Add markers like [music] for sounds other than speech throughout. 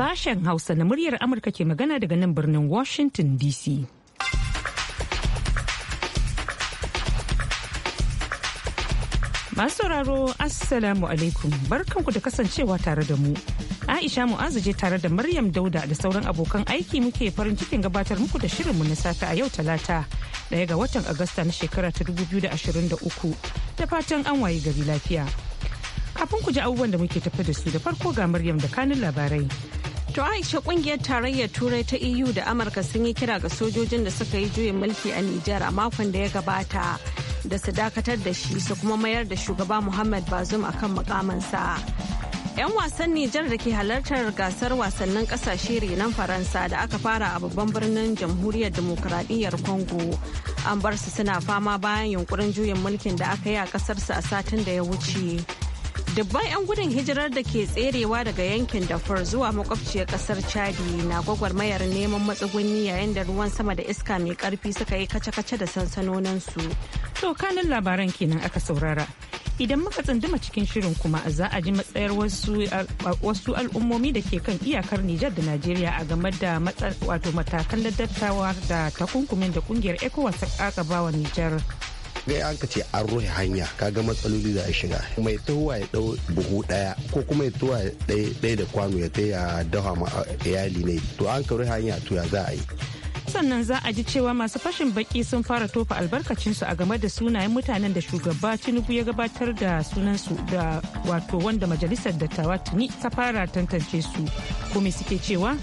Sashen Hausa na muryar Amurka ke magana daga nan birnin Washington DC. Masu sauraro Assalamu alaikum barkanku da kasancewa tare da mu. Aisha Mu'azu je tare da Maryam Dauda da sauran abokan aiki muke farin cikin gabatar muku da shirinmu na sata a yau talata daya ga watan Agusta na shekara ta 2023 da fatan an waye gari lafiya. Kafin ku ji abubuwan da muke tafi da su da farko ga Maryam da kanin labarai. To Aisha kungiyar tarayyar Turai ta EU da Amurka sun yi kira ga sojojin da suka yi juyin mulki a Nijar a makon da ya gabata da su dakatar da shi su kuma mayar da shugaba Muhammad Bazoum akan mukamansa. 'Yan wasan Nijar da ke halartar gasar wasannin kasashe renon Faransa da aka fara a babban birnin jamhuriyar dimokuraɗiyyar Congo. An bar su suna fama bayan yunkurin juyin mulkin da aka yi a ƙasarsu a satin da ya wuce. dubban 'yan gudun hijirar da ke tserewa daga yankin dafur zuwa makwabciyar kasar chadi na gwagwarmayar neman matsuguni yayin da ruwan sama da iska mai karfi suka yi kace-kace da sansanoninsu to kanin labaran kenan aka saurara idan muka tsunduma cikin shirin kuma za a ji matsayar wasu al'ummomi da ke kan iyakar Nijar da Najeriya a game da wato matakan da da takunkumin da kungiyar ECOWAS ta kakaba Nijar. ga an ka ce an rufe hanya kaga matsaloli da a shiga mai tuhuwa ya dau buhu daya ko kuma ya tuwa daya da kwano ya ta ya dawa ma iyali ne to an ka rufe hanya to ya za a yi sannan za a ji cewa masu fashin baki sun fara tofa albarkacinsu a game da sunayen mutanen da shugaba tinubu ya gabatar da sunansu da wato wanda majalisar dattawa tuni ta fara tantance su kuma suke cewa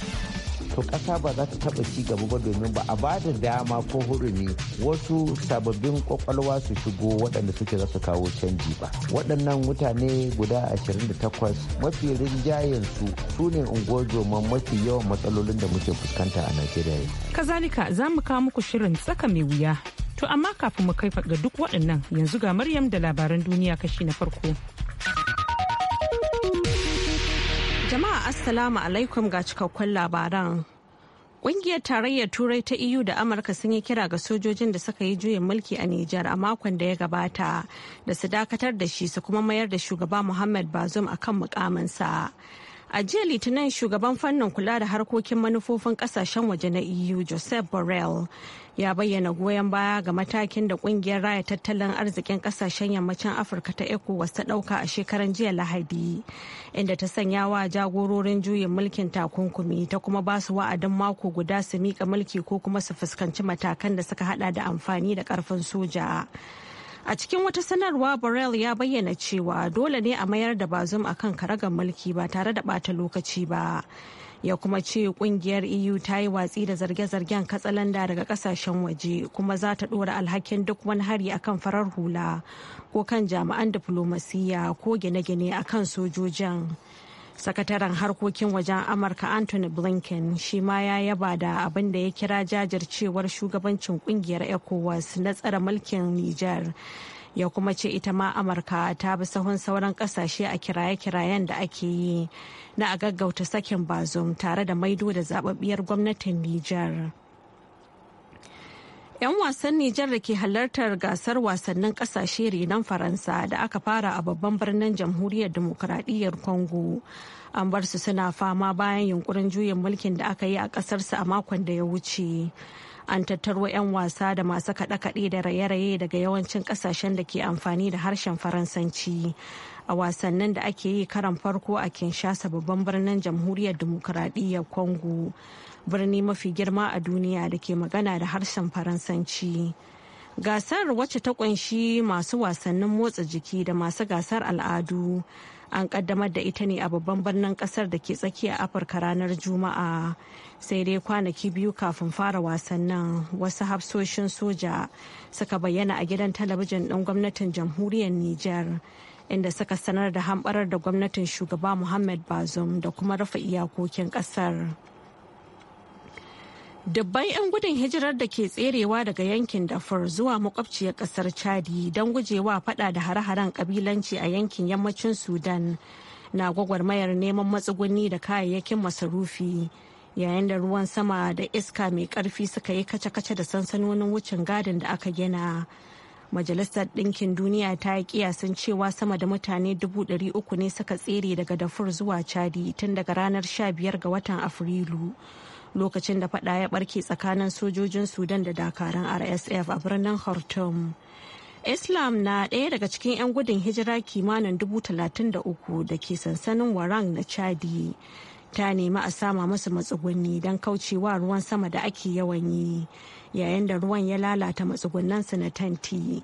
to ƙasa ba za ta taɓa ci gaba ba domin ba a ba da dama ko hurumi wasu sababbin kwakwalwa su shigo waɗanda suke za su kawo canji ba waɗannan mutane guda 28 mafi rinjayen su su ne ungozoman mafi yawan matsalolin da muke fuskanta a najeriya kazalika za mu kawo muku shirin tsaka mai wuya to amma kafin mu kai ga duk waɗannan yanzu ga maryam da labaran duniya kashi na farko Assalamu alaikum ga cikakkun labaran. Ƙungiyar Tarayyar Turai ta EU da Amurka sun yi kira ga sojojin da suka yi juyin mulki a Nijar a makon da ya gabata da su dakatar da shi su kuma mayar da shugaba Muhammad Bazoum a kan mukaminsa. A jiya Litinin shugaban fannin kula da harkokin manufofin kasashen waje na EU Joseph Borrell ya bayyana goyon baya ga matakin da kungiyar raya tattalin arzikin kasashen yammacin Afirka ta ECOWAS ta dauka a shekaran jiya Lahadi inda ta sanya wa jagororin juyin mulkin takunkumi ta kuma ba su wa'adin mako guda su mika mulki ko kuma su fuskanci matakan da suka hada da amfani da karfin soja. A cikin wata sanarwa Borrell ya bayyana cewa dole ne a mayar da bazum a kan karagar mulki ba tare da bata lokaci ba. Ya kuma ce kungiyar EU ta yi watsi da zarge-zargen katsalanda daga kasashen waje kuma za ta ɗora alhakin duk wani hari akan farar hula ko kan jami'an diflomasiyya ko gine-gine akan sojojin. sakataren harkokin wajen amurka anthony blinken shi ma ya yaba da abin da ya kira jajircewar shugabancin kungiyar ecowas na tsare mulkin niger ya kuma ce ita ma amurka ta bi sahun sauran kasashe a kiraye-kirayen da ake yi na a gaggauta sakin bazum tare da maido da zababbiyar gwamnatin niger 'Yan wasan Nijar da ke halartar gasar wasannin kasashe renon Faransa da aka fara a babban birnin jamhuriyar demokuraɗiyyar Congo. An bar su suna fama bayan yunkurin juyin mulkin da aka yi a ƙasarsu a makon da ya wuce. an tattaro 'yan wasa da masu kaɗe-kaɗe da raye-raye daga yawancin ƙasashen da ke amfani da harshen faransanci a wasannin da ake yi karan farko a kinshasa babban birnin jamhuriyar demokuraɗiyyar congo birni mafi girma a duniya da ke magana da harshen faransanci gasar wacce ta kunshi masu wasannin motsa jiki da masu gasar al'adu an kaddamar da ita ne a babban birnin kasar da ke tsakiya afirka ranar juma'a sai dai kwanaki biyu kafin fara wasannin wasu hafsoshin soja suka bayyana a gidan talabijin ɗin gwamnatin jamhuriyar niger inda suka sanar da hamɓarar da gwamnatin shugaba muhammad bazum da kuma rufe iyakokin ƙasar. Dubban 'yan gudun hijirar da ke tserewa daga yankin dafur zuwa makwabciyar kasar Chadi don gujewa fada da hare-haren kabilanci a yankin yammacin Sudan na gwagwarmayar neman matsuguni da kayayyakin masarufi yayin da ruwan sama da iska mai karfi suka yi kace-kace da sansanonin wucin gadin da aka gina. Majalisar Ɗinkin Duniya ta yi kiyasin cewa sama da mutane dubu ɗari uku ne suka tsere daga dafur zuwa Chadi tun daga ranar 15 ga watan Afrilu. lokacin da fada ya barke tsakanin sojojin sudan da dakaran rsf a birnin khartoum islam na ɗaya daga cikin 'yan gudun hijira kimanin dubu talatin da uku da ke sansanin warang na chadi ta nemi a sama masu matsugunni don kaucewa ruwan sama da ake yawan yi yayin da ruwan ya lalata matsugunansu na tanti.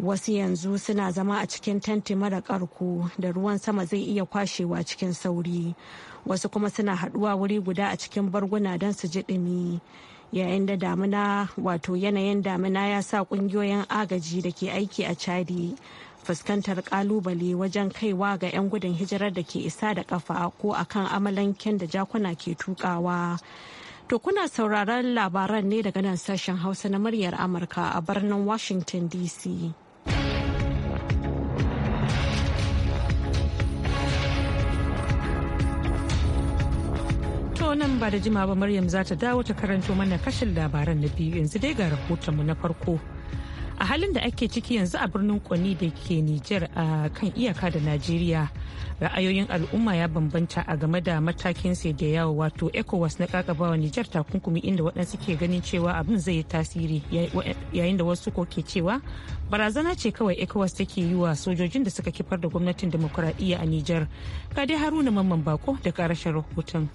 wasu yanzu suna zama a cikin tenti mara karko da ruwan sama zai iya kwashewa cikin sauri wasu kuma suna haduwa wuri guda a cikin barguna don su ji dumi yayin da damina wato yanayin damina ya sa kungiyoyin agaji da ke aiki a chadi fuskantar kalubale wajen kaiwa ga 'yan gudun hijirar da ke isa da kafa ko akan amalanken da jakuna ke tukawa To kuna sauraron labaran ne daga nan sashen Hausa na muryar Amurka a birnin Washington DC. nan ba da jima ba Maryam za ta dawo ta karanto mana kashin labaran na biyu yanzu dai ga rahotonmu na farko. A halin da ake ciki yanzu a birnin Kwani da ke Nijar a kan iyaka da Najeriya, ra'ayoyin al'umma ya bambanta a game da matakin sai da yawo wato ECOWAS na kakabawa Nijar takunkumi inda waɗansu ke ganin cewa abin zai yi tasiri yayin da wasu ko ke cewa barazana ce kawai ECOWAS take yi wa sojojin da suka kifar da gwamnatin demokuraɗiyya a Nijar. kadai Haruna Mamman Bako da ƙarashin rahoton.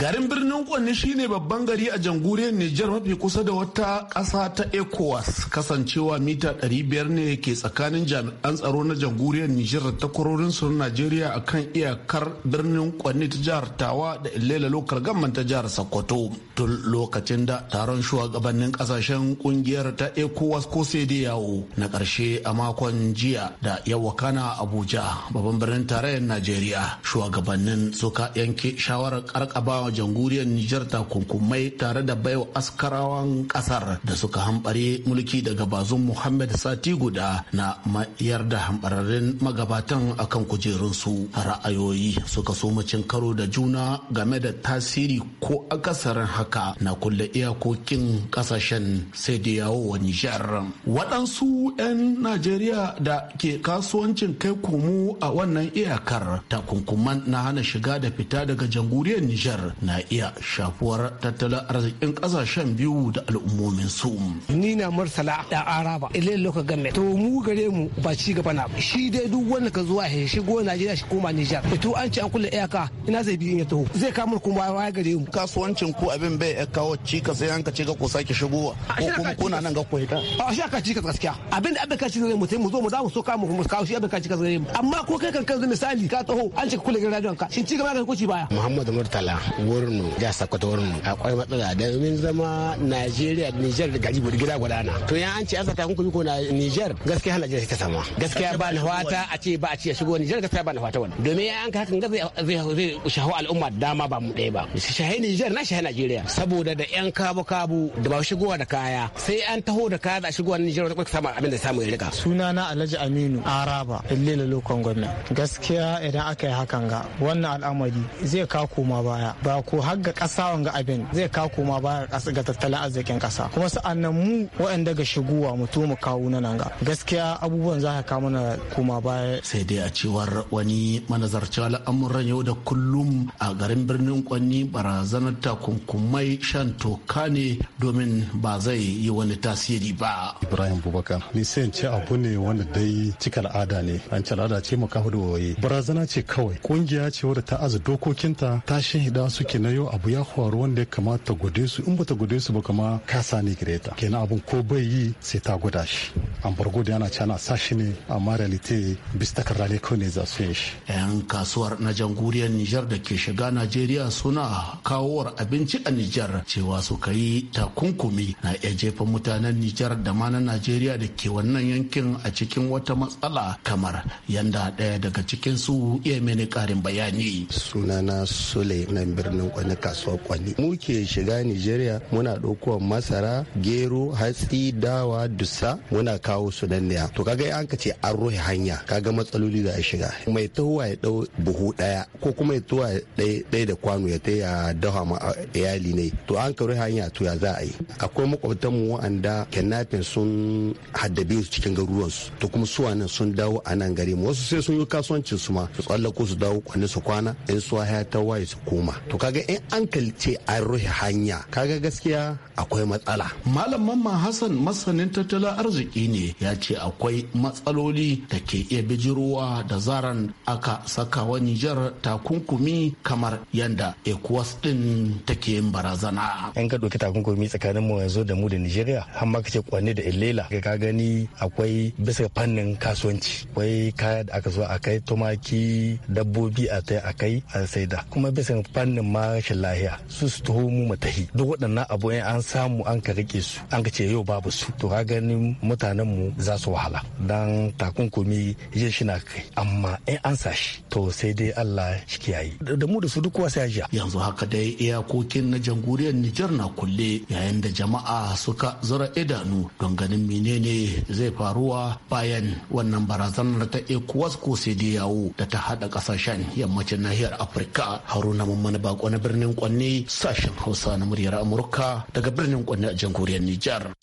Garin birnin Kwanni shine babban gari a jamhuriyar Nijar mafi kusa da wata ƙasa ta ECOWAS kasancewa mita 500 ne ke tsakanin jami'an tsaro na jamhuriyar Nijar da takwarorin su Najeriya kan iyakar birnin Kwanni ta jihar Tawa da Ilela lokar gamman ta jihar Sokoto. Tun lokacin da taron shugabannin kasashen kungiyar ta ECOWAS ko sai yawo na karshe a makon jiya da yawakana Abuja babban birnin tarayyar Najeriya shugabannin suka yanke shawarar karkabawa a jamhuriyar Nijar takunkumai tare da baiwa askarawan kasar da suka hambare mulki daga bazun Muhammad Sati guda na mayar da hambararren magabatan akan kujerunsu ra'ayoyi suka so cin karo da juna game da tasiri ko akasarin haka na kulle iyakokin kasashen sai da yawo wa Nijar. Waɗansu 'yan Najeriya da ke kasuwancin kai komo a wannan iyakar takunkuman na hana shiga da fita daga jamhuriyar Nijar na iya shafuwar tattalin arzikin kasashen biyu da al'ummomin su. Ni na Mursala da Araba ilai loka gane. To mu gare mu ba ci gaba na. Shi dai duk wanda ka zuwa ya shigo Najeriya shi koma Nijar. To an ci an kula iyaka ina zai bi ya taho. Zai kama kuma waya gare mu. Kasuwancin ku abin bai ya kawo cika sai an ka ce ka ku sake shigowa. Ko kuma kuna nan ga ku hita. A shi aka cika gaskiya. Abin da abin ka cika mu sai mu zo mu za mu so kama mu kawo shi abin ka ci gare mu. Amma ko kai kan kan misali ka taho an ci ka kulle gidan radiyon ka. Shin ci gaba ka kuci baya. Muhammadu Murtala wurin ja sakwato wurin akwai matsala domin zama najeriya niger da gari gida gudana to yan an ce an sata hukumi ko na niger gaskiya hana ta sama gaskiya ba na fata a ce ba a ce shigo niger gaskiya ba na fata wani domin ya an hakan zai zai shaho al'umma dama ba mu ɗaya ba shahi niger na shahi najeriya saboda da yan kabu kabu da ba shigowa da kaya sai an taho da kaya da shigowa niger da kuma samun abin da samu ya rika sunana alhaji aminu araba illila lokon gwamna gaskiya idan aka yi hakan ga wannan al'amari zai kawo koma baya ba ko har ga ƙasa wanga abin zai kawo koma ba ga tattalin arzikin kasa kuma sa'annan mu waɗanda ga shigowa mutu mu kawo na nan ga gaskiya abubuwan za ka kawo mana koma baya. sai dai a cewar wani manazarci al'amuran yau da kullum a garin birnin kwanni barazanar takunkumai shan toka ne domin ba zai yi wani tasiri ba. ibrahim bubakar ni sai ce abu ne wanda dai cika al'ada ne an ce al'ada ce kawo da waye barazana ce kawai kungiya ce wadda ta aza dokokinta ta shahida su suke na yau abu ya faru wanda ya kamata gode su in bata gode su ba kama kasa ne gare ta kenan abun ko bai yi sai ta gwada shi an bar gode ana cana sashi ne amma realite bis takarda ne kawai ne za su yi shi yan kasuwar na jamhuriyar Nijar da ke shiga Najeriya suna kawowar abinci a Nijar cewa sukayi yi takunkumi na iya jefa mutanen Nijar da ma na Najeriya da ke wannan yankin a cikin wata matsala kamar yanda ɗaya daga cikin su iya mini karin bayani sunana Sule na birnin kwani kasuwa kwani mu ke shiga nigeria muna ɗauko masara gero hatsi dawa dusa muna kawo su nan ne to kaga an ka ce an ruhe hanya kaga matsaloli da a shiga mai tahowa ya dau buhu daya ko kuma ya tuwa ɗaya da kwano ya ta ya dawa ma iyali ne to an ka ruhe hanya to ya za a yi akwai makwabtan mu wa'anda kidnapping sun haddabe su cikin garuruwan su to kuma su nan sun dawo a nan gare mu wasu sai sun yi kasuwancin su ma su tsallako su dawo kwanne su kwana in su ya ta waye su koma to kaga in an kalce an ruhi hanya kaga gaskiya akwai matsala malam mamma hassan masanin tattalin arziki ne ya ce akwai matsaloli da ke iya bijirowa da zaran aka saka wa nijar takunkumi kamar yadda ecowas din take yin barazana an ka doki takunkumi tsakanin mu yanzu da mu da nigeria har ma kace kwanne da illela ka gani akwai bisa fannin kasuwanci akwai kaya da aka zo akai tumaki dabbobi a tai akai a saida kuma bisa fannin ma rashin lahiya su su taho mu mu tahi duk waɗannan abu an samu an ka rike su an ka ce yau babu su to ka ganin mutanen mu za su wahala dan takunkumi yin shi na kai amma in an sa shi to sai dai Allah shi kiyaye da mu da su duk wasu yaji yanzu haka dai iyakokin na jamhuriyar Nijar na kulle yayin da jama'a suka zura idanu don ganin menene zai faruwa bayan wannan barazanar ta ECOWAS ko sai dai yawo da ta hada kasashen yammacin nahiyar Afirka Haruna Mamman Bako bako na birnin kwanne sashen hausa na muryar amurka daga birnin kwanne a jamhuriyar nijar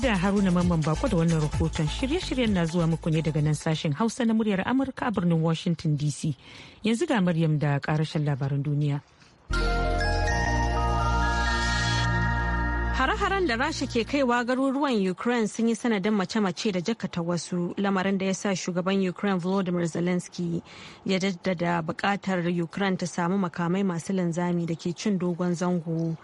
da haruna mamman bako da wannan rahoton shirye-shiryen na zuwa muku ne daga nan sashen hausa na muryar amurka a birnin washington dc yanzu ga maryam da karashen labaran duniya Hare-haren da Rasha ke kaiwa garuruwan Ukraine sun yi sanadin mace-mace da jakata wasu lamarin da ya sa shugaban Ukraine Volodymyr Zelensky ya jaddada bukatar Ukraine ta samu makamai masu linzami da ke cin dogon zango.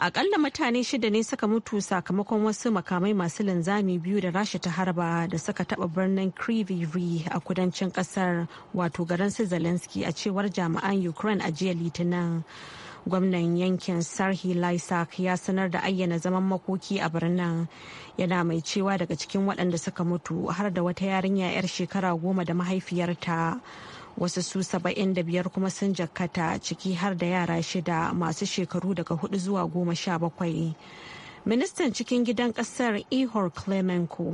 Akalla mutane shida ne suka mutu sakamakon wasu makamai masu linzami biyu da Rasha ta harba da suka taba birnin Kriviri a kudancin kasar wato garin su Zelensky a cewar jami'an Ukraine a jiya Litinin. gwamnan yankin sarhi laisak ya sanar da ayyana zaman makoki a birnin yana mai cewa daga cikin waɗanda suka mutu har da wata yarinya 'yar shekara goma da mahaifiyarta wasu su saba'in da biyar kuma sun jakkata ciki har da yara shida masu shekaru daga hudu zuwa goma sha bakwai ministan cikin gidan kasar ihor clemenko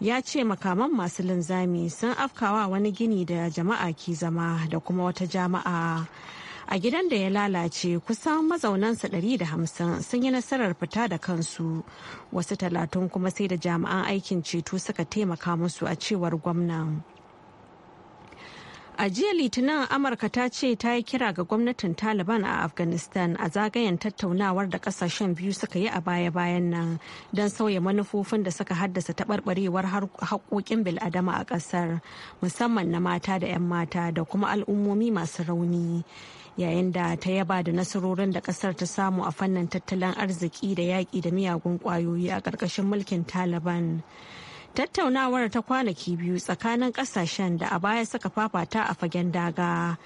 ya ce makaman masu linzami sun afkawa wani gini da jama'a ke zama da kuma wata jama'a a gidan da ya lalace kusan mazaunansa 150 sun yi nasarar fita da kansu wasu talatin kuma sai da jami'an aikin ceto suka taimaka musu a cewar gwamnan. A jiya Litinin Amurka ta ce ta yi kira ga gwamnatin Taliban a Afghanistan a zagayen tattaunawar da kasashen biyu suka yi a baya-bayan nan don sauya manufofin da suka haddasa taɓarɓarewar haƙoƙin bil'adama a ƙasar musamman na mata da 'yan mata da kuma al'ummomi masu rauni. yayin da ta yaba da nasarorin da kasar ta samu a fannin tattalin arziki da yaƙi da miyagun ƙwayoyi a ƙarƙashin mulkin taliban tattaunawar ta kwanaki biyu tsakanin ƙasashen da a baya suka fafata a fagen daga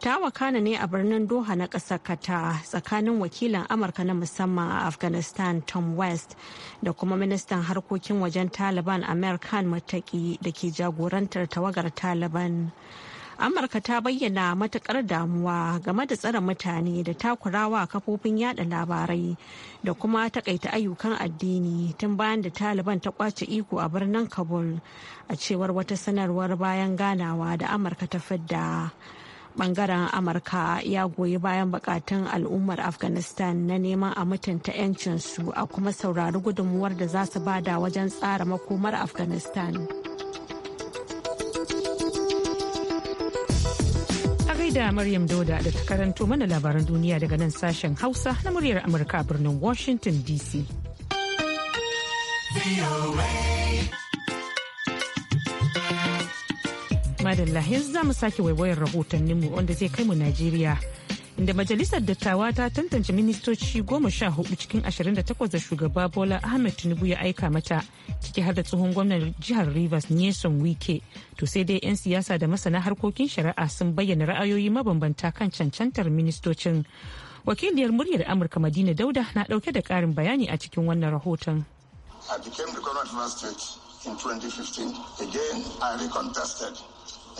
ta wakana ne a birnin doha na ƙasar kata tsakanin wakilan amurka na musamman a afghanistan tom west da kuma ministan harkokin wajen taliban amir khan mataki da ke jagorantar tawagar taliban amurka ta bayyana matukar damuwa game da tsare mutane da takurawa kafofin yada labarai da kuma takaita ayyukan addini tun bayan da taliban ta kwace iko a birnin kabul a cewar wata sanarwar bayan ganawa da amurka ta fidda bangaren amurka ya goyi bayan bukatun al'ummar afghanistan na neman a mutunta 'yancinsu a kuma saurari gudunmuwar da za su bada wajen tsara makomar afghanistan. da Maryam Doda da ta karanto mana labaran duniya daga nan sashen Hausa na muryar Amurka a birnin Washington DC. Madalla yanzu za mu sake waiwayar rahotanninmu wanda zai kai mu Najeriya. inda majalisar dattawa ta tantance ministoci goma sha hudu cikin 28 da shugaba bola ahmed tinubu ya aika mata ciki har da tsohon gwamnan jihar rivers nyeson wike to sai dai 'yan siyasa da masana harkokin shari'a sun bayyana ra'ayoyi mabambanta kan cancantar ministocin wakiliyar muryar amurka madina dauda na dauke da karin bayani a cikin wannan rahoton I became the current in 2015. Again, I recontested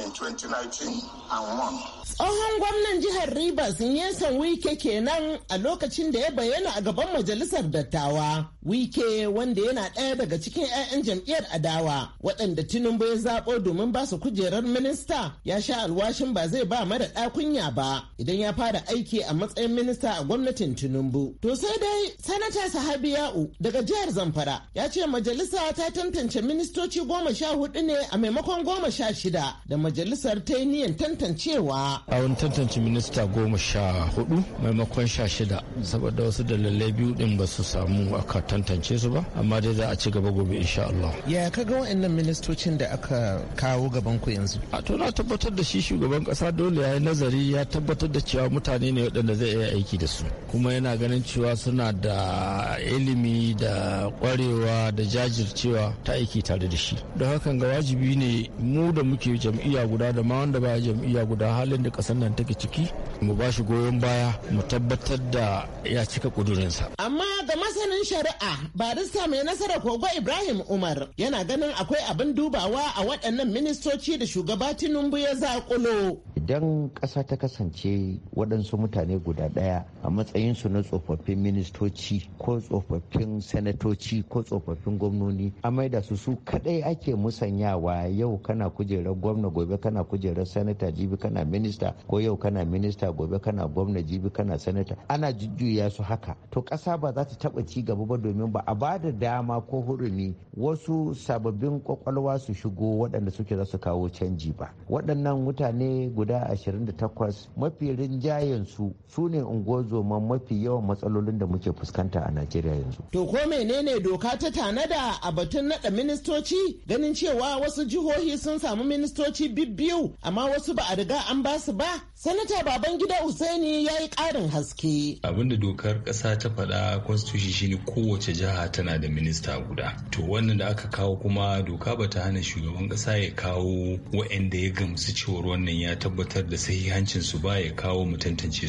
in 2019 and won. Tsohon gwamnan jihar Rivers Nyesan Wike kenan a lokacin da ya bayyana a gaban majalisar dattawa. Wike wanda yana ɗaya daga cikin 'ya'yan jam'iyyar adawa waɗanda Tinubu ya zaɓo domin ba su kujerar minista ya sha alwashin ba zai ba mara ɗakunya ba idan ya fara aiki a matsayin minista a gwamnatin Tinubu. To sai dai sanata Sahabiya'u daga jihar Zamfara ya ce majalisa ta tantance ministoci goma sha hudu ne a maimakon goma sha shida da majalisar ta yi niyan tantancewa. A wani tantance minista goma sha hudu maimakon sha shida saboda wasu dalilai biyu din ba su samu aka tantance su ba amma dai za a ci gaba gobe insha Allah. Ya ka ga wa'annan ministocin da aka kawo gaban ku yanzu? A to na tabbatar da shi shugaban kasa dole ya yi nazari ya tabbatar da cewa mutane ne waɗanda zai iya aiki da su kuma yana ganin cewa suna da ilimi da kwarewa da jajircewa ta aiki tare da shi. Don hakan ga wajibi ne mu da muke jam'iyya jam'iyya guda da ma wanda baya jam'iyya guda halin da kasar nan take ciki mu ba shi goyon baya mu tabbatar da ya cika kudurinsa. Amma ga masanin shari'a barista mai nasara kogo Ibrahim Umar yana ganin akwai abin dubawa a waɗannan ministoci da shugaba Tinubu ya zakulo. Idan ƙasa ta kasance waɗansu mutane guda ɗaya a matsayinsu na tsofaffin ministoci ko tsofaffin sanatoci ko tsofaffin gwamnoni a maida su su kaɗai ake musanyawa yau kana kujerar gwamna gobe kana kujerar sanata jibi kana minista ko yau kana minista gobe kana gwamna jibi kana sanata ana jujjuya su haka to kasa ba za ta taba ci gaba ba domin ba a ba da dama ko hurumi wasu sababbin kwakwalwa su shigo waɗanda suke za su kawo canji ba waɗannan mutane guda ashirin 28 mafi rinjayen su su ne ungozoman mafi yawan matsalolin da muke fuskanta a najeriya yanzu to ko menene doka ta tanada a batun naɗa ministoci ganin cewa wasu jihohi sun samu ministoci bibbiyu amma wasu ba a riga an ba su ba sanata baban gida usaini ya yi ƙarin haske abinda dokar kasa ta faɗa constitution shine kowace jiha tana da minista guda to wannan da aka kawo kuma doka ba ta hana shugaban kasa ya kawo wa'anda ya gamsu cewar wannan ya tabbatar da sahihancin su ba ya kawo mu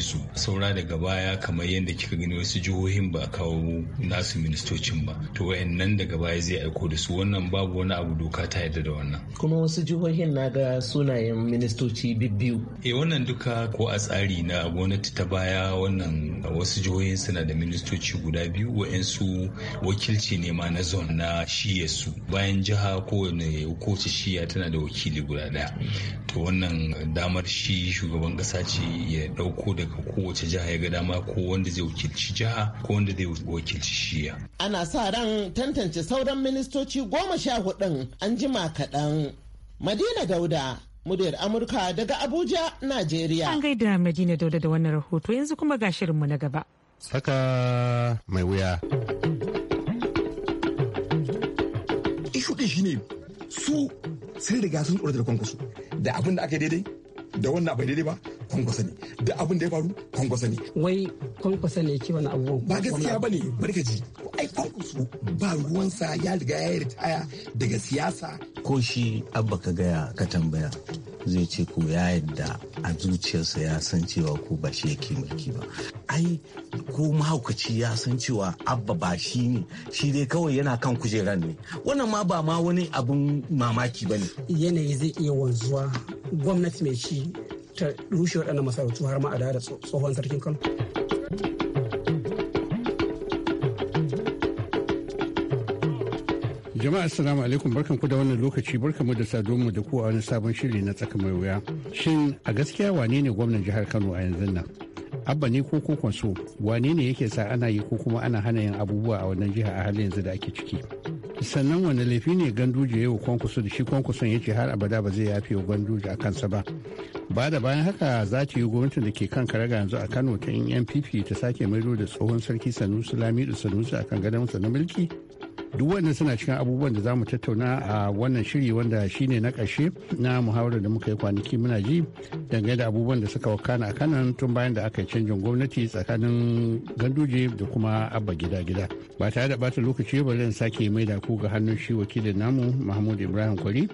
su saura daga baya kamar yadda kika gani wasu jihohin ba a kawo nasu ministocin ba to wa'annan daga baya zai aiko da su wannan babu wani abu doka ta yarda da wannan kuma wasu jihohin na ga sunayen ministoci bibbiyu. E wannan duka ko a tsari na gwamnati ta baya wannan wasu jihohin suna da ministoci guda biyu wa'yansu wakilci ne ma na zon na su bayan jiha kowane kowace shiya tana da wakili guda daya. To wannan damar shi shugaban kasa ce ya dauko daga kowace jiha ya ga dama ko wanda zai wakilci jiha ko wanda zai wakilci shiya. Ana sa ran tantance sauran ministoci goma sha hudun an jima kaɗan. Madina Dauda, muryar Amurka daga Abuja, Najeriya. An gaida Madina Dauda da wannan rahoto yanzu kuma ga shirinmu na gaba. Saka mai wuya. Ishu ɗin shi ne su sun riga sun da kwankwaso da abin da aka daidai da wannan bai daidai ba kwankwaso ne da abin da ya faru kwankwaso ne. Wai kwankwaso ne ke wani abubuwan. Ba gaskiya ba ne barkaji. Ai kwankwaso ba ruwansa ya riga ya yi ritaya daga siyasa ko shi abba ka gaya ka tambaya zai ce ko ya yadda a zuciyarsa ya san cewa ko ba shi yake mulki ba ai ko mahaukaci ya san cewa abba ba shi ne shi dai kawai yana kan kujeran ne wannan ma ba ma wani abun mamaki ba ne yanayi zai iya wanzuwa gwamnati mai shi ta rushe waɗannan masarautu har ma a da tsohon sarkin kano Jama'a assalamu alaikum ku da wannan lokaci mu da saduwa da ku a wani sabon shiri na tsaka mai wuya. Shin a gaskiya wane ne gwamnan jihar Kano a yanzu nan? Abba ne ko kokon so wane ne yake sa ana yi ko kuma ana hana yin abubuwa a wannan jiha a halin yanzu da ake ciki? sannan wani laifi ne ganduje yau kwankwaso da shi kwankwason ya ce har abada ba zai yafe wa ganduje a kansa ba ba da bayan haka za ta yi gwamnatin da ke kan karaga yanzu a kano ta yin npp ta sake maido da tsohon sarki sanusi lamidu sanusi a kan sa na mulki duk wannan suna cikin abubuwan da za mu tattauna a wannan shiri wanda shine na ƙarshe na muhawarar da muka yi kwanaki muna ji dangane da abubuwan da suka wakana a kanan tun bayan da aka yi canjin gwamnati tsakanin ganduje da kuma abba gida gida ba tare da bata lokaci ba zan sake mai da ku ga hannun shi wakilin namu mahmud ibrahim kwari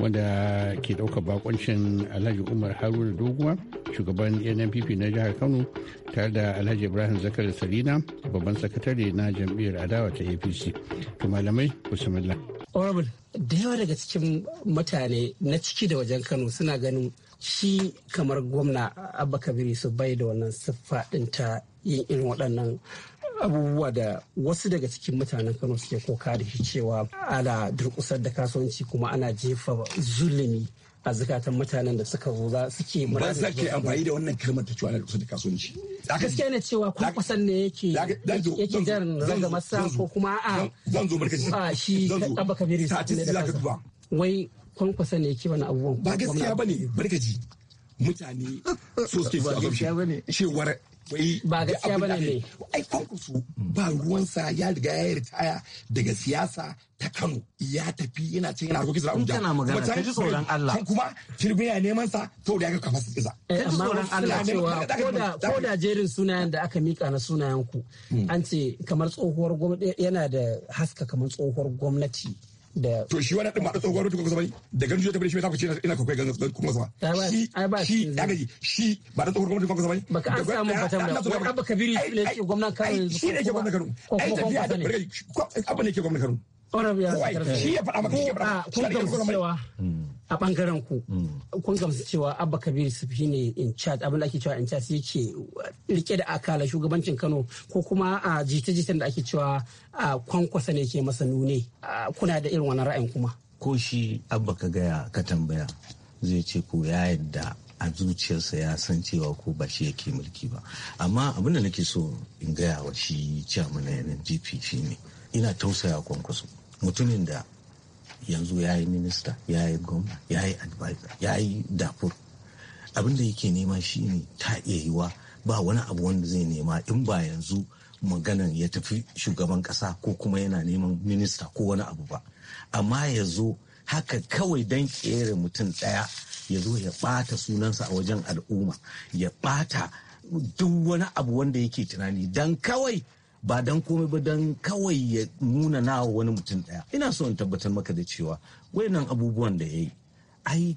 wanda ke ɗaukar bakoncin alhaji umar haruna doguwa shugaban nnpp na jihar kano tare da alhaji ibrahim zakar salina babban sakatare na jam'iyyar adawa ta apc to malamai bismillah honorable da yawa daga cikin mutane na ciki da wajen kano suna ganin shi kamar gwamna abba kabiri su bai da wannan siffa ta yin irin waɗannan abubuwa da wasu daga cikin mutanen kano suke koka da shi cewa ana durkusar da kasuwanci kuma ana jefa zulumi a zukatan mutanen da suka zo za suke ba za ke amfani da wannan kalmar ta cewa na kusa da kasuwanci gaskiya ne cewa kun kusan ne yake yake jan rangamar sa ko kuma a zan zo barkaci a shi kaba kabiri sa ne da duba wai kun kusan ne yake wani abubuwan ba gaskiya bane barkaci mutane so suke su assumption cewar ba gaskiya bane ne ai kwankwaso ba ruwansa ya riga ya ritaya daga siyasa ta Kano ya tafi yana cin yana harkokin Abuja. Kana magana ta ji tsoron Allah. Kan kuma Tinubu yana neman sa to da ga kafa su kiza. Eh, amma tsoron Allah cewa ko da jerin sunayen da aka mika na sunayen ku hmm. an ce kamar tsohuwar gwamnati yana da haska kamar tsohuwar gwamnati da to shi wani din ma tsohuwar rotun kusa bane da ganju ta bane shi ta kuce ina kokai kuma sa shi shi daga shi ba da tsohuwar rotun kusa bane baka an samu fatan wani abu kabiri ne ke shi ne ke ai tafiya da abu ne ke ya shi ya faɗa maka shi ya faɗa maka ah, a bangaren ku mm. kun gamsu cewa abba kabir sufi ne in charge abin da ake cewa in charge yake rike da akala shugabancin kano ko kuma a jita-jitan da ake cewa kwankwasa ne ke masa nune kuna da irin wani ra'ayin kuma ko shi abba ka gaya ka tambaya zai ce ko ya yadda a zuciyarsa ya san cewa ko ba shi yake mulki ba amma abin da nake so in gaya wa shi chairman na NNDP shine ina tausaya kwankwaso mutumin da yanzu ya yi minista ya yi gwamna ya yi advisor ya yi dafur abinda yake nema shine ta iya yiwa ba wani abu wanda zai nema in ba yanzu maganan ya tafi shugaban kasa ko kuma yana neman minista ko wani abu ba amma ya zo haka kawai don kere mutum daya ya zo ya ɓata sunansa a wajen al'umma ya ɓata duk wani abu wanda yake tunani don kawai ba don komai ba don kawai ya nuna na wani mutum daya ina so in tabbatar maka da cewa wayannan abubuwan da ya yi. ai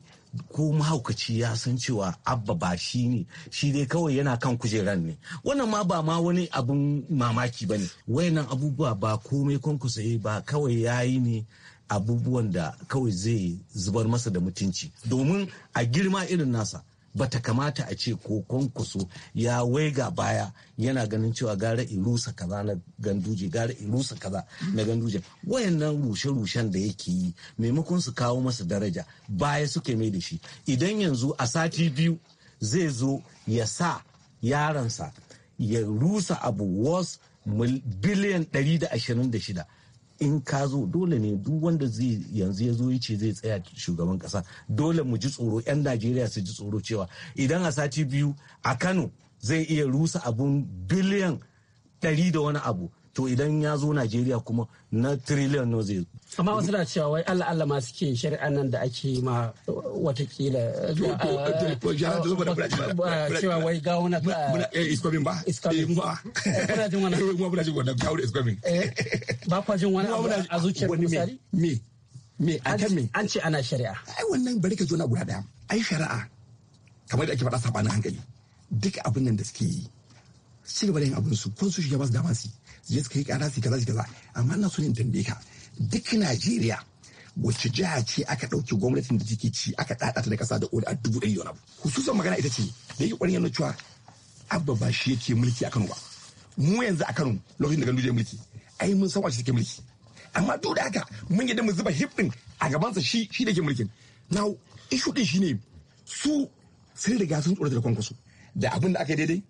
ko mahaukaci ya san cewa abba ba shi ne shi dai kawai yana kan kujeran ne wannan ma ba ma wani abun mamaki ba ne wayannan abubuwa ba komai kwankwasa ba kawai ya yi ne abubuwan da kawai zai zubar masa da mutunci domin a girma irin nasa bata kamata a ce ko kwankwaso ya waiga baya yana ganin cewa gara irusa kaza na ganduje gara irusa kaza na ganduje wayannan rushe-rushen da yake yi maimakon su kawo masa daraja baya suke mai da shi idan yanzu a sati biyu zai zo ya sa yaransa ya rusa abu was biliyan 126 in ka zo dole ne duk wanda zai yanzu ya zo ya ce zai tsaya shugaban kasa dole mu ji tsoro 'yan najeriya su ji tsoro cewa idan a sati biyu a kano zai iya rusa abun biliyan ɗari da wani abu to idan ya zo najeriya kuma na trillion no zai amma wasu na cewa wai allah allah ma suke shari'an nan da ake ma watakila cewa wai gawuna ta eh, iskomin ba iskomin eh, ba kuna eh, jin wani kuma [laughs] muna jin wannan gawuna iskomin ba kwa jin wani abu a zuciyar misali me me a kan me an ce ana shari'a ai wannan bari ka zo na guda daya ai shari'a kamar da ake faɗa sabanin hankali duk abin nan da suke yi shirba da yin abin su kun su shiga ba su dama su yi su je su kai kara su kaza su kaza amma na so ne tambaye ka duk Najeriya wacce jiha ce aka ɗauki gwamnatin da take ci aka ɗaɗata da ƙasa da ƙoli a dubu ɗari yana hususan magana ita ce da yake ƙwarin yana cewa abba ba shi yake mulki a Kano ba mu yanzu a Kano lokacin da Ganduje mulki ai mun san wace take mulki amma duk da haka mun yi da mu zuba hibbin a gabansa shi shi da ke mulkin now issue din shine su sun riga sun tsorata da kwankwaso da abin da aka daidai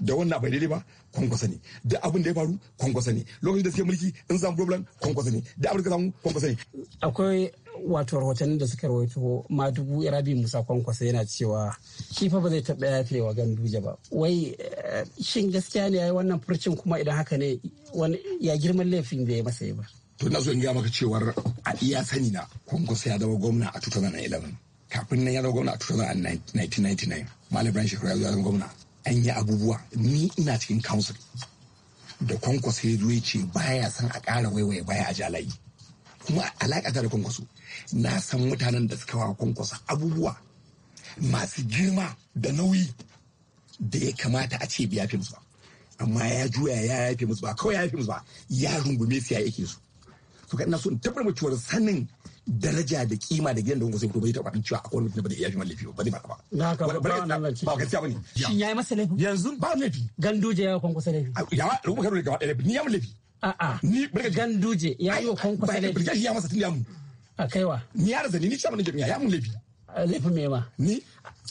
da wannan bai daidai ba kwankwasa ne da abin da ya faru kwankwasa ne lokacin da suke mulki in samu problem kwankwasa ne da abin da samu kwankwasa ne akwai wato rahotanni da suka rawaito ma dubu irabi musa kwankwasa yana cewa shi fa ba zai taɓa yafe wa ganduje ba wai eh, shin gaskiya ne yayi wannan furcin kuma idan haka ne ya girman laifin da ya masa yi ba to na so in gaya maka cewar a iya sani na kwankwasa ya zama gwamna a 2011 kafin nan ya zama gwamna a 1999 malam ibrahim shekaru ya zama gwamna an yi abubuwa ni ina cikin council da kwankwaso ya zo ya ce baya san a ƙara waiwaye baya a jalayi kuma alaƙa ta da kwankwaso na san mutanen da suka wa kwankwaso abubuwa masu girma da nauyi da ya kamata a ce biya fi musu ba amma ya juya ya yafe musu ba kawai ya yafe musu ba ya rungume su ya yake su to ina so in tabbatar cewa sanin daraja da kima da gidan da wango sai fito bai taba cewa akwai wani ba da iya shi wani laifi ba zai ba na ka ba ba gaskiya bane shi yayi masa laifi yanzu ba laifi ganduje ya kwankwasa laifi yawa rubu karo gaba bi ni ya mu laifi a ni ganduje ya yi wa bi. laifi ya masa tun ya mu a kaiwa ni ya razani ni cewa mun jami'a ya mu laifi laifin me ma ni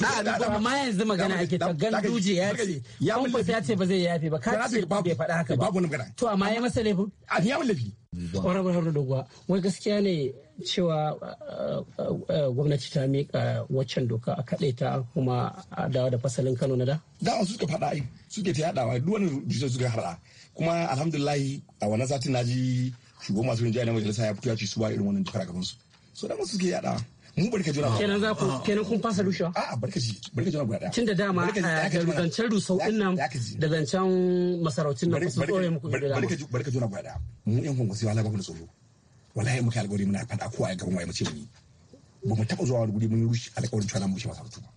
amma yanzu magana ake ta ganduje ya ce kwamfas ya ce ba zai yafe ba ka ce bai faɗa haka ba to amma ya masa laifin a ya mun laifi ƙwararren harin doguwa wai gaskiya ne cewa uh, uh, uh, gwamnati ta miƙa waccan doka a kaɗai ta kuma a dawo da fasalin kano na da? da su suka faɗa suke ta yaɗawa duk wani jisai suka harɗa kuma alhamdulilayi a wannan sati na ji shugaban masu rinjaya na majalisa ya fito ya ce su ba irin wannan jikar a gabansu so da masu suke yaɗawa mun barka juna kenan za ku kenan kun fasa rushewa a'a barka ji barka juna guda tunda dama eh, da zancen rusau din nan da zancen masarautun nan sun tsore muku ido barka barka juna guda mu yan kungu sai wala ba ku da tsoro wallahi muka alƙawari muna fada ko a gaban waye mu ce mu ba mu taɓa zuwa wani guri mun rushe alƙawarin cewa za mu shi masarautu ba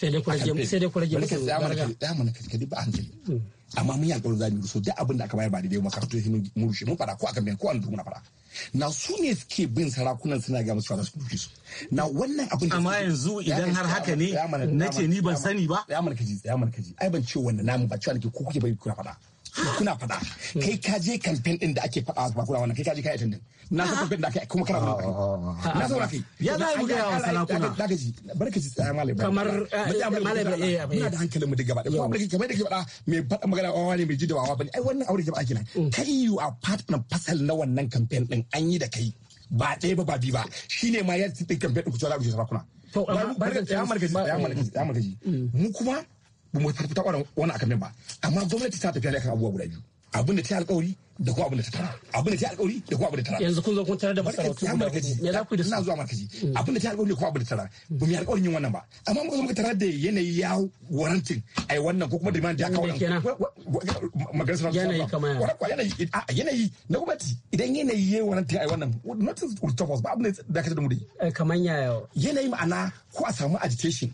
sai dai kurage sai dai kurage musu barka da mu na kadi ba hankali hmm. amma mun yi alƙawarin zamu ruso duk abin da aka bayar ba daidai ba karatu sai mun rushe mun fara ko akan bayan ko an dumuna fara na su ne suke bin sarakunan suna ga musu su rushe su na wannan abin amma yanzu idan har haka ne nace ni ban sani ba ya mana kaji ya mana kaji ai ban ce wannan namu ba cewa nake ko kuke bai kuna fara kuna faɗa kai ka je kamfen din da ake faɗa ba kuna wannan kai ka je kai yi na san kamfen ah. da kai kuma kana faɗa kai ah, ah, na san kai ya za mu ga yawan na. da ka ji barka ji tsaya malai kamar malai muna da hankalin mu duk gaba ɗaya kuma kamar da ke fada mai magana wawa ne mai ji da wawa bane ai wannan aure jama'a kenan mm. kai you are part and parcel na wannan kamfen din an yi da kai ba ɗaya ba ba biyu ba shine ma yadda tsitin kamfen din ku tsara ku sarakuna mu kuma ba mu fita wani akamin ba amma gwamnati ta tafiya ne kan abubuwa guda biyu abin da ta yi alkawari da kuma abin da ta tara abin da ta yi alkawari da kuma abin da ta tara yanzu kun zo kun tarar da masarautu ya za ku da ina zuwa markaji mm. abin da ta yi alkawari da kuma abin da ta tara ba mu yi alkawarin yin wannan ba amma mu zo muka tara da yanayi ya warantin a yi wannan ko kuma da mm. demand ya kawo nan magana sanar yanayi kamar yanayi yanayi na gwamnati idan yanayi ya warantin yi wannan nothing will stop us ba abin da ka da mu dai eh, kamar yaya yanayi ma'ana ko a samu agitation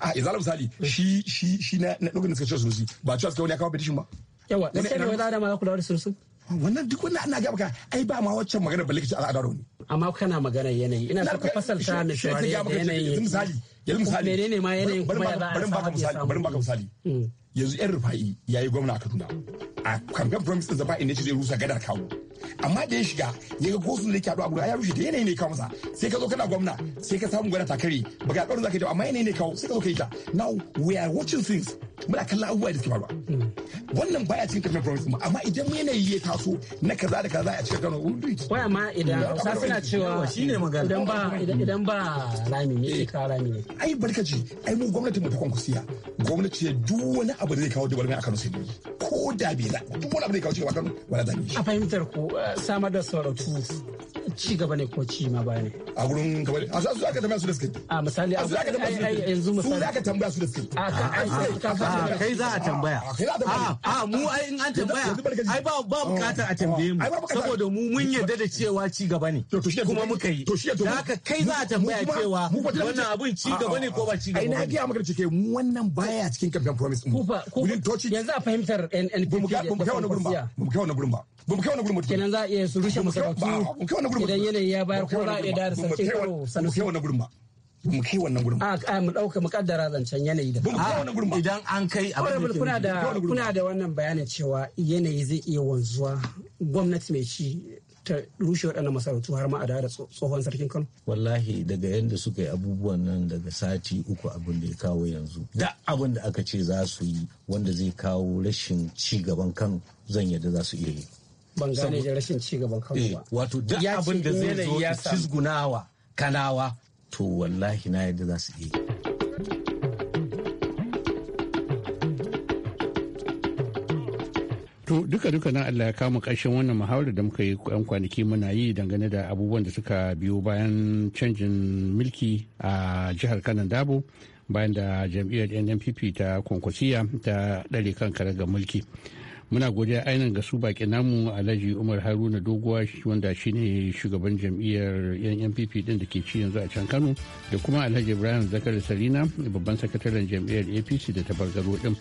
a ah, izala misali shi shi shi na na dogon suka ce sunusi ba cewa suka wani ya kawo petition ba yawa da sai ne wani adama ya kula da sunusi ah, wannan duk wannan ana gaba ka ai ba ma waccan magana balle kace al'adar wani. amma kana magana yanayi ina so ka fasalta na shawara yanayi misali yanzu misali menene ma yanayin kuma ya ba a baka misali bari baka misali mm. yanzu yan rufa'i yayi gwamna a Kaduna a kamfen promise din zaba inda ce zai rusa gadar kawo amma da ya shiga ya ga gosu da ke haɗu a guda ya rushe da yanayi ne kawo masa sai ka zo kana gwamna sai ka samu gwamna takari ba ga ɗaurin za ka yi amma yanayi ne kawo sai ka zo ka yi ta now we are watching things muna kallon abubuwa da suke faruwa wannan baya cikin kafin promise mu amma idan yanayi ya taso na kaza da kaza a cikin Kano we'll ko amma idan sa suna cewa shine magana idan ba idan ba rami ne eh. ka rami ne ai barkaci ai mu gwamnati mu ta kwankwasiya gwamnati ya duk wani abu da zai kawo dabarmai a Kano sai ko da bi za duk wani abu da zai kawo cikin Kano wala da a fahimtar ku eh, samar da sauratu ci gaba ne ko ci ma baya ne a gurin kamar a su aka tambaya su da suke a misali a su aka tambaya su da suke yanzu misali su aka tambaya su da suke a kai za a tambaya a mu ai in an tambaya ai ba ba bukatar a tambaye oh, mu saboda mu mun yarda da cewa ci gaba ne kuma muka yi da haka kai za a tambaya cewa wannan abin ci gaba ne ko ba ci gaba ne ai na ga maka cike mu wannan baya cikin campaign promise mu yanzu a fahimtar NNP ba mu ga wannan gurin ba mu ga wannan gurin ba ba mu ga wannan gurin ba kenan za a iya su rushe masarautu idan yanayi ya bayar ko za a iya da sarkin karo sanusi. Mu kai wannan gurin ba. mu kai wannan gurin a ah, ah, mu dauka mu kaddara zancen yanayi da idan an kai abin da kuna da kuna da wannan bayanin cewa yanayi zai iya wanzuwa gwamnati mai ci ta rushe waɗannan masarautu har ma a da tsohon sarkin Kano wallahi daga yadda suka yi abubuwan nan daga sati uku abin da ya kawo yanzu da abin da aka ce za su yi wanda zai kawo rashin ci gaban kan zan yadda za su iya yi ban gane da rashin ci gaban kanku eh, ba wato duk abin da zai zo cizgunawa kanawa to wallahi na yadda za su yi To duka-duka na Allah ya kama ƙarshen wannan muhawarar da muka yi yan kwanaki muna yi dangane da abubuwan da suka biyo bayan canjin mulki a jihar Kanan Dabo bayan da jam'iyyar NNPP ta kwankwasiya ta ɗare kan ga mulki. muna godiya ainihin ga su baƙi namu alhaji umar haruna doguwa wanda shine shugaban jam'iyyar yan npp din da ke ci yanzu a can kano da kuma alhaji ibrahim zakari sarina babban sakataren jam'iyyar apc da ta tabargaro din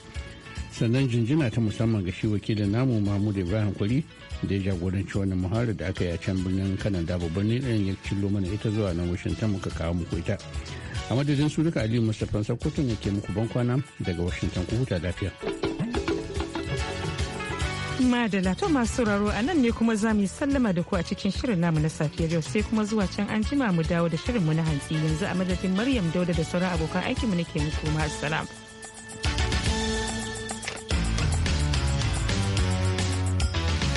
sannan jinjina ta musamman ga shi wakilin namu mahmud ibrahim kwari da ya jagoranci wannan muharar da aka yi a can birnin da babban ne ɗin ya cillo mana ita zuwa nan washington muka kawo muku ita a madadin su duka aliyu mustapha sakkwato ne ke muku ban kwana daga washington ku huta lafiya. Madala to masu sauraro a nan ne kuma za mu yi sallama da ku a cikin shirin namu na safiyar yau sai kuma zuwa can an jima mu dawo da shirin mu na hantsi yanzu a madadin Maryam Dauda da sauran abokan aikinmu nake muku ma